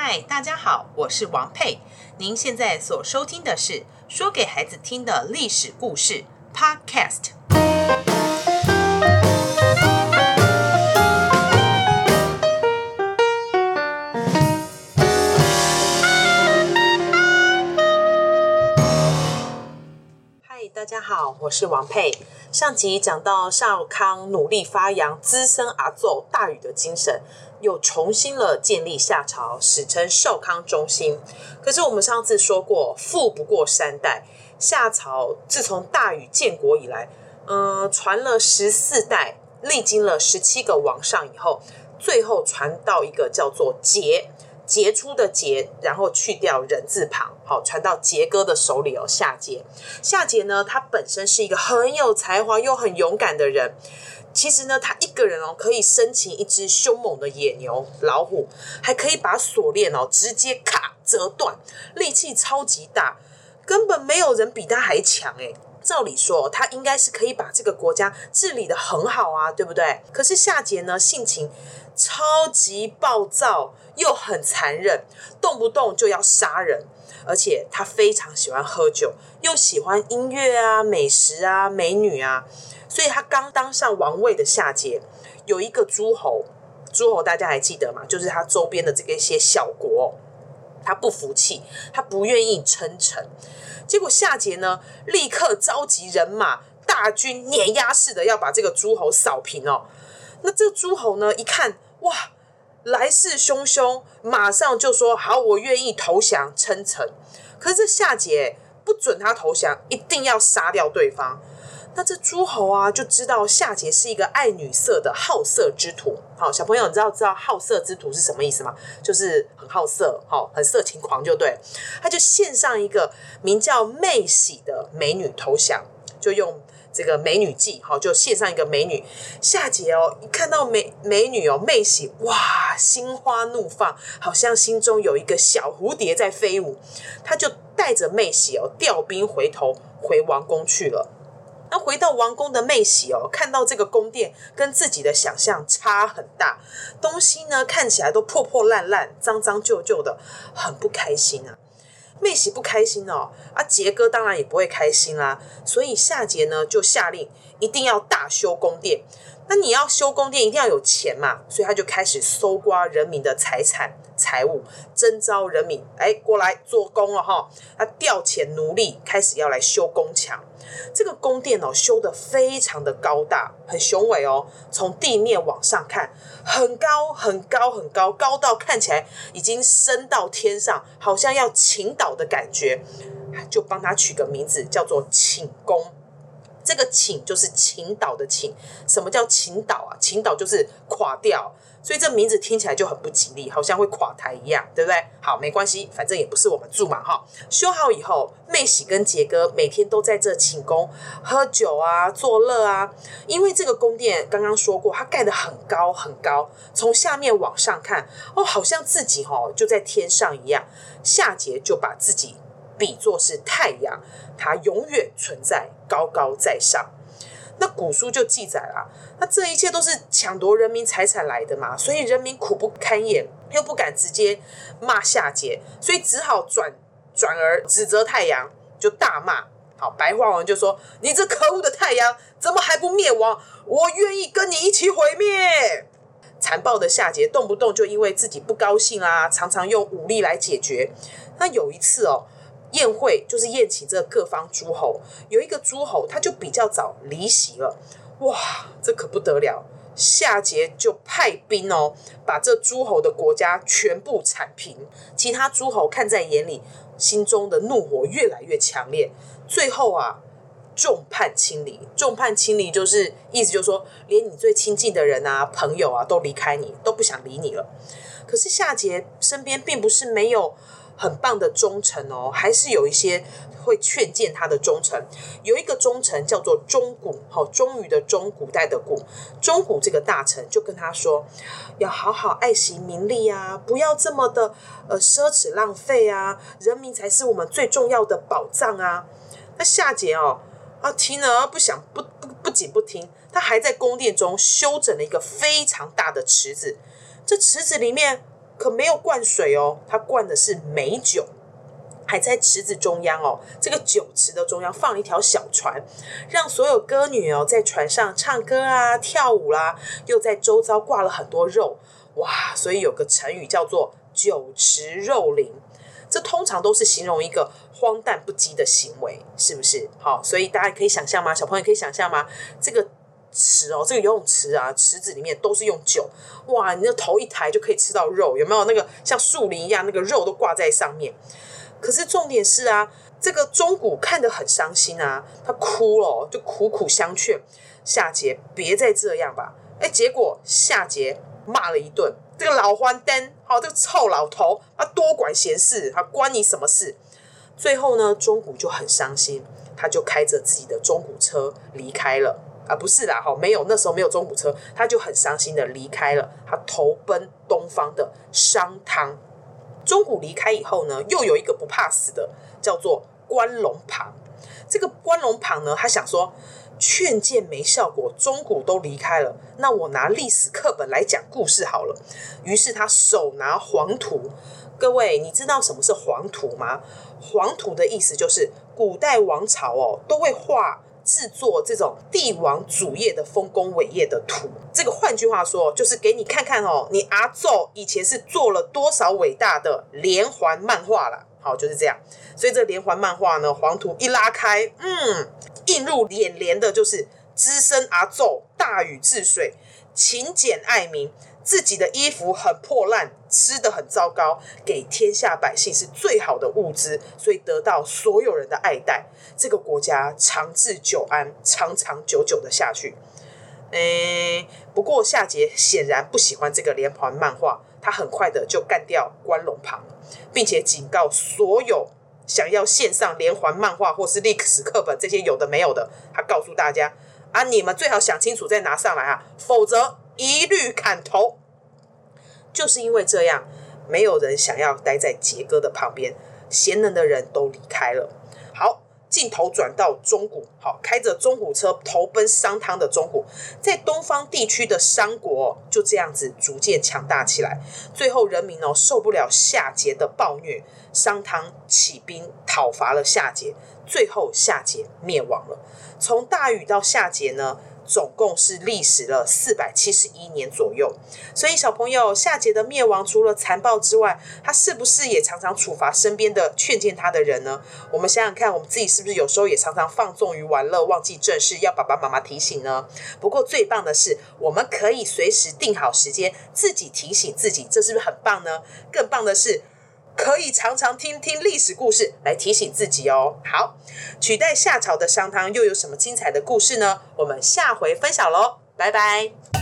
嗨，Hi, 大家好，我是王佩。您現在所收聽的是《說給孩子聽的歷史故事》Podcast。嗨，大家好，我是王佩。上集講到少康努力發揚“滋生而奏大禹”的精神。又重新了建立夏朝，史稱少康中興。可是我們上次說過，富不過三代。夏朝自從大禹建國以來，嗯、呃、傳了十四代，歷經了十七個王上以後，最後傳到一個叫做桀，傑出的傑，然後去掉人字旁，好，傳到桀哥的手裡哦。夏桀，夏桀呢，他本身是一個很有才華又很勇敢的人。其實呢，他一個人哦，可以生擒一隻兇猛的野牛、老虎，還可以把鎖鏈哦直接咔折斷，力氣超級大，根本沒有人比他還強誒！照理說，他應該是可以把這個國家治理得很好啊，對不對？可是夏桀呢，性情超級暴躁，又很殘忍，動不動就要殺人，而且他非常喜歡喝酒，又喜歡音樂啊、美食啊、美女啊，所以他剛當上王位的夏桀，有一個諸侯，諸侯大家還記得嗎？就是他周邊的這個一些小國。他不服氣，他不願意稱臣，結果夏桀呢，立刻召集人馬，大軍碾壓式的要把這個諸侯掃平哦。那這個諸侯呢，一看哇，來勢洶洶，馬上就說好，我願意投降稱臣。可是夏桀不准他投降，一定要殺掉對方。那這諸侯啊，就知道夏桀是一個愛女色的好色之徒。好，小朋友，你知道知道好色之徒是什麼意思嗎？就是很好色，好，很色情狂，就對。他就獻上一個名叫妹喜的美女投降，就用這個美女計，好，就獻上一個美女。夏桀哦，一看到美美女哦，妹喜哇，心花怒放，好像心中有一個小蝴蝶在飛舞。他就帶着妹喜哦，調兵回頭回王宮去了。那回到王宮的妹喜哦，看到這個宮殿跟自己的想象差很大，東西呢，看起來都破破爛爛、髒髒舊舊的，很不開心啊。妹喜不開心哦，啊桀哥當然也不會開心啦，所以夏桀呢就下令一定要大修宮殿。那你要修宮殿，一定要有錢嘛，所以他就開始搜刮人民的財產、財物，徵召人民哎過來做工了哈。他調遣奴隸開始要來修宮牆，這個宮殿哦修得非常的高大，很雄偉哦。從地面往上看，很高很高很高，很高，高到看起來已經升到天上，好像要傾倒的感覺，就幫他取個名字叫做傾宮。這個傾就是傾倒的傾，什麼叫傾倒啊？傾倒就是垮掉，所以這名字聽起來就很不吉利，好像會垮台一樣，對不對？好，沒關係，反正也不是我們住嘛，哈。修好以後，妹喜跟杰哥每天都在這傾宮喝酒啊，作樂啊。因為這個宮殿剛剛說過，它蓋得很高很高，從下面往上看，哦，好像自己哦就在天上一樣。夏桀就把自己。比作是太陽，它永遠存在，高高在上。那古書就記載了啊，那這一切都是搶奪人民財產來的嘛，所以人民苦不堪言，又不敢直接罵夏桀，所以只好轉轉而指責太陽，就大罵。好，白話文就說：“你這可惡的太陽，怎麼還不滅亡？我願意跟你一起毀滅！”殘暴的夏桀動不動就因為自己不高興啊，常常用武力來解決。那有一次哦。宴會就是宴請這各方諸侯，有一個諸侯他就比較早離席了，哇，這可不得了！夏桀就派兵哦，把這諸侯的國家全部鏟平。其他諸侯看在眼裡，心中的怒火越來越強烈。最後啊，眾叛親離，眾叛親離就是意思就是說，連你最親近的人啊、朋友啊，都離開你，都不想理你了。可是夏桀身邊並不是沒有。很棒的忠臣哦，還是有一些會勸諫他的忠臣。有一個忠臣叫做終古，哈、哦，終於的終，古代的古。終古這個大臣就跟他說，要好好愛惜民力啊，不要這麼的呃奢侈浪費啊，人民才是我們最重要的寶藏啊。那夏桀哦，啊，聽了不想不不不僅不聽，他還在宮殿中修整了一個非常大的池子，這池子裡面。可沒有灌水哦，他灌的是美酒，還在池子中央哦。這個酒池的中央放一條小船，讓所有歌女哦在船上唱歌啊、跳舞啦、啊，又在周遭掛了很多肉，哇！所以有個成語叫做“酒池肉林”，這通常都是形容一個荒誕不羈的行為，是不是？好、哦，所以大家可以想象嗎？小朋友可以想象嗎？這個。池哦，這個游泳池啊，池子裡面都是用酒。哇，你那頭一抬就可以吃到肉，有沒有？那個像樹林一樣，那個肉都掛在上面。可是重點是啊，這個終古看得很傷心啊，他哭了、哦，就苦苦相勸夏桀，別再這樣吧。哎，結果夏桀罵了一頓，這個老番顛，好、哦，這個臭老頭啊，他多管閒事啊，他關你什麼事？最後呢，終古就很傷心，他就開着自己的中古車離開了。啊，不是啦，好，沒有那時候沒有中古車，他就很傷心的離開了，他投奔東方的商湯。中古離開以後呢，又有一個不怕死的，叫做關龍逢。這個關龍逢呢，他想說勸諫沒效果，中古都離開了，那我拿歷史課本來講故事好了。於是他手拿黃圖，各位，你知道什麼是黃圖嗎？黃圖的意思就是古代王朝哦都會畫。製作這種帝王主業的豐功偉業的圖，這個換句話說就是給你看看哦，你阿宙以前是做了多少偉大的連環漫畫啦，好，就是這樣。所以這連環漫畫呢，黃圖一拉開，嗯，映入眼簾的就是資深阿宙大禹治水、勤儉愛民，自己的衣服很破爛。吃得很糟糕，給天下百姓是最好的物資，所以得到所有人的愛戴。這個國家長治久安，長長久久的下去。嗯，不過夏桀顯然不喜歡這個連環漫畫，他很快的就幹掉關龍逄，並且警告所有想要獻上連環漫畫或是歷史課本這些有的沒有的，他告訴大家啊，你們最好想清楚再拿上來啊，否則一律砍頭。就是因為這樣，沒有人想要待在桀哥的旁邊，賢能的人都離開了。好，鏡頭轉到中古，好，開着中古車投奔商湯的中古，在東方地區的商國就這樣子逐漸強大起來。最後，人民哦受不了夏桀的暴虐，商湯起兵討伐了夏桀，最後夏桀滅亡了。從大禹到夏桀呢？總共是歷時了四百七十一年左右，所以小朋友，夏桀的滅亡除了殘暴之外，他是不是也常常處罰身邊的勸諫他的人呢？我們想想看，我們自己是不是有時候也常常放縱於玩樂，忘記正事，要爸爸媽媽提醒呢？不過最棒的是，我們可以隨時定好時間，自己提醒自己，這是不是很棒呢？更棒的是。可以常常聽聽歷史故事來提醒自己哦。好，取代夏朝的商湯又有什麼精彩的故事呢？我們下回分享嘍，拜拜。